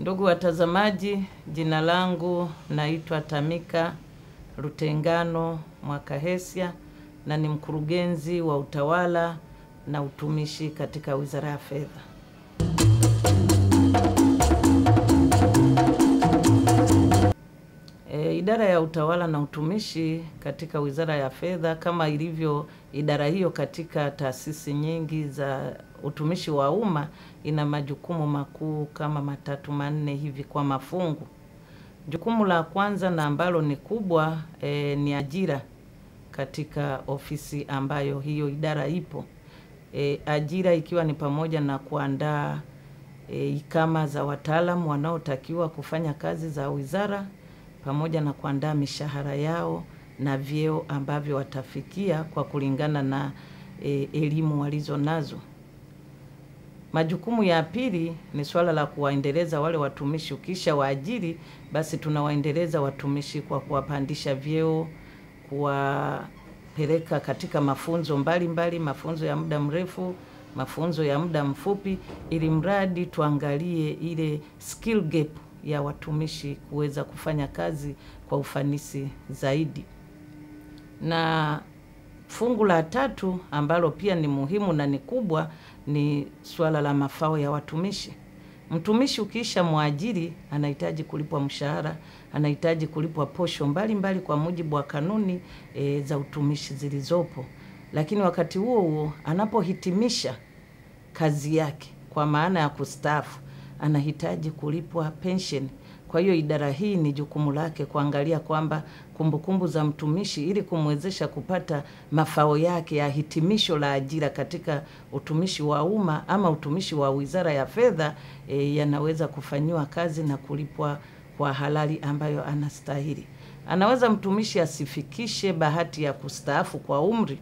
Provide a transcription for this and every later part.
Ndugu watazamaji, jina langu naitwa Tamika Rutengano Mwakahesia na ni mkurugenzi wa utawala na utumishi katika Wizara ya Fedha. Idara ya Utawala na Utumishi katika Wizara ya Fedha, kama ilivyo idara hiyo katika taasisi nyingi za utumishi wa umma, ina majukumu makuu kama matatu manne hivi kwa mafungu. Jukumu la kwanza na ambalo ni kubwa e, ni ajira katika ofisi ambayo hiyo idara ipo. E, ajira ikiwa ni pamoja na kuandaa e, ikama za wataalamu wanaotakiwa kufanya kazi za wizara pamoja na kuandaa mishahara yao na vyeo ambavyo watafikia kwa kulingana na e, elimu walizo nazo. Majukumu ya pili ni swala la kuwaendeleza wale watumishi. Ukisha waajiri, basi tunawaendeleza watumishi kwa kuwapandisha vyeo, kuwapeleka katika mafunzo mbalimbali mbali, mafunzo ya muda mrefu, mafunzo ya muda mfupi, ili mradi tuangalie ile skill gap ya watumishi kuweza kufanya kazi kwa ufanisi zaidi. Na fungu la tatu ambalo pia ni muhimu na ni kubwa ni suala la mafao ya watumishi. Mtumishi ukiisha mwajiri anahitaji kulipwa mshahara, anahitaji kulipwa posho mbalimbali mbali kwa mujibu wa kanuni e, za utumishi zilizopo, lakini wakati huo huo anapohitimisha kazi yake kwa maana ya kustaafu anahitaji kulipwa pension. Kwa hiyo idara hii ni jukumu lake kuangalia kwamba kumbukumbu za mtumishi ili kumwezesha kupata mafao yake ya hitimisho la ajira katika utumishi wa umma ama utumishi wa Wizara ya Fedha e, yanaweza kufanyiwa kazi na kulipwa kwa halali ambayo anastahili. Anaweza mtumishi asifikishe bahati ya kustaafu kwa umri,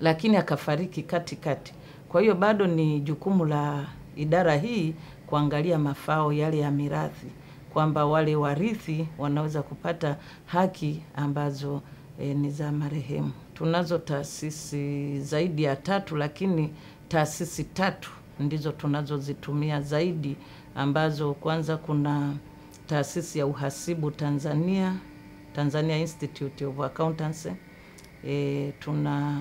lakini akafariki katikati. Kwa hiyo bado ni jukumu la idara hii kuangalia mafao yale ya mirathi, kwamba wale warithi wanaweza kupata haki ambazo e, ni za marehemu. Tunazo taasisi zaidi ya tatu, lakini taasisi tatu ndizo tunazozitumia zaidi, ambazo kwanza kuna taasisi ya uhasibu Tanzania, Tanzania Institute of Accountancy. E, tuna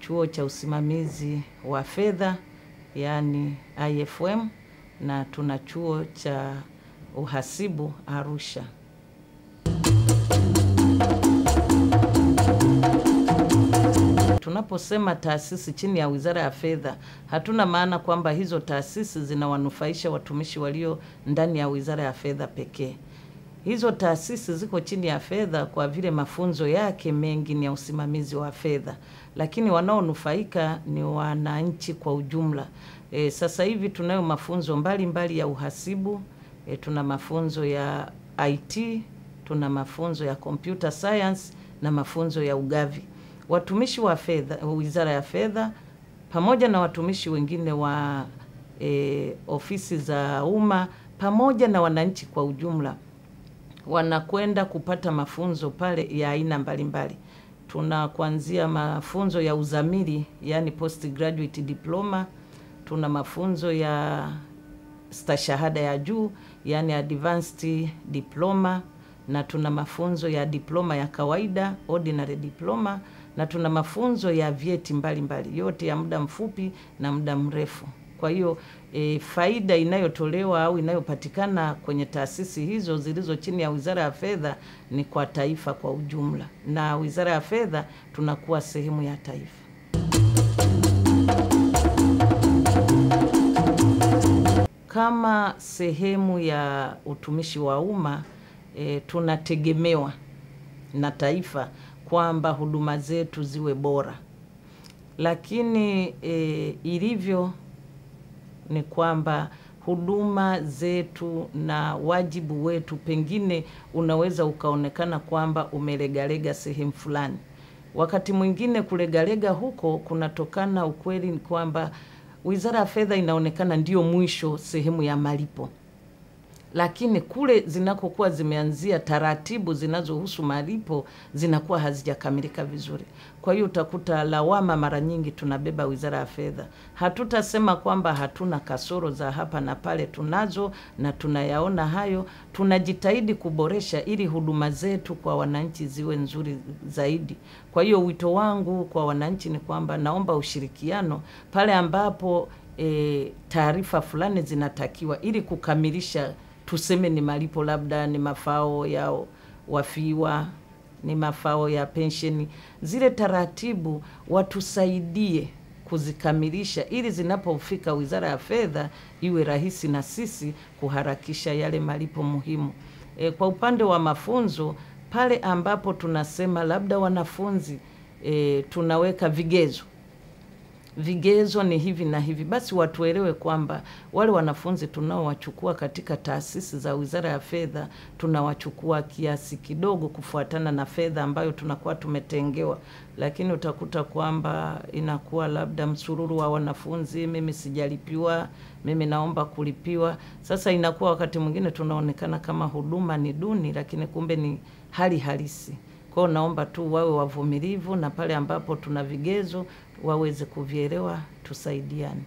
chuo cha usimamizi wa fedha yaani IFM na tuna chuo cha uhasibu Arusha. Tunaposema taasisi chini ya Wizara ya Fedha, hatuna maana kwamba hizo taasisi zinawanufaisha watumishi walio ndani ya Wizara ya Fedha pekee. Hizo taasisi ziko chini ya fedha kwa vile mafunzo yake mengi ni ya usimamizi wa fedha, lakini wanaonufaika ni wananchi kwa ujumla. E, sasa hivi tunayo mafunzo mbalimbali mbali ya uhasibu e, tuna mafunzo ya IT, tuna mafunzo ya computer science na mafunzo ya ugavi. Watumishi wa fedha, Wizara ya Fedha pamoja na watumishi wengine wa e, ofisi za umma pamoja na wananchi kwa ujumla wanakwenda kupata mafunzo pale ya aina mbalimbali. Tuna kuanzia mafunzo ya uzamili, yani postgraduate diploma, tuna mafunzo ya stashahada ya juu, yani advanced diploma, na tuna mafunzo ya diploma ya kawaida, ordinary diploma, na tuna mafunzo ya vyeti mbalimbali mbali, yote ya muda mfupi na muda mrefu. Kwa hiyo e, faida inayotolewa au inayopatikana kwenye taasisi hizo zilizo chini ya Wizara ya Fedha ni kwa taifa kwa ujumla, na Wizara ya Fedha tunakuwa sehemu ya taifa. Kama sehemu ya utumishi wa umma e, tunategemewa na taifa kwamba huduma zetu ziwe bora, lakini e, ilivyo ni kwamba huduma zetu na wajibu wetu pengine unaweza ukaonekana kwamba umelegalega sehemu fulani. Wakati mwingine kulegalega huko kunatokana, ukweli ni kwamba Wizara ya Fedha inaonekana ndiyo mwisho sehemu ya malipo lakini kule zinakokuwa zimeanzia taratibu zinazohusu malipo zinakuwa hazijakamilika vizuri. Kwa hiyo utakuta lawama mara nyingi tunabeba Wizara ya Fedha. Hatutasema kwamba hatuna kasoro za hapa na pale, tunazo na tunayaona hayo. Tunajitahidi kuboresha ili huduma zetu kwa wananchi ziwe nzuri zaidi. Kwa hiyo wito wangu kwa wananchi ni kwamba naomba ushirikiano pale ambapo e, taarifa fulani zinatakiwa ili kukamilisha tuseme ni malipo labda ni mafao ya wafiwa ni mafao ya pensheni, zile taratibu watusaidie kuzikamilisha ili zinapofika Wizara ya Fedha iwe rahisi na sisi kuharakisha yale malipo muhimu. E, kwa upande wa mafunzo pale ambapo tunasema labda wanafunzi e, tunaweka vigezo vigezo ni hivi na hivi, basi watuelewe kwamba wale wanafunzi tunaowachukua katika taasisi za Wizara ya Fedha tunawachukua kiasi kidogo kufuatana na fedha ambayo tunakuwa tumetengewa, lakini utakuta kwamba inakuwa labda msururu wa wanafunzi, mimi sijalipiwa, mimi naomba kulipiwa. Sasa inakuwa wakati mwingine tunaonekana kama huduma ni duni, lakini kumbe ni hali halisi. Kwa naomba tu wawe wavumilivu na pale ambapo tuna vigezo waweze kuvielewa, tusaidiane.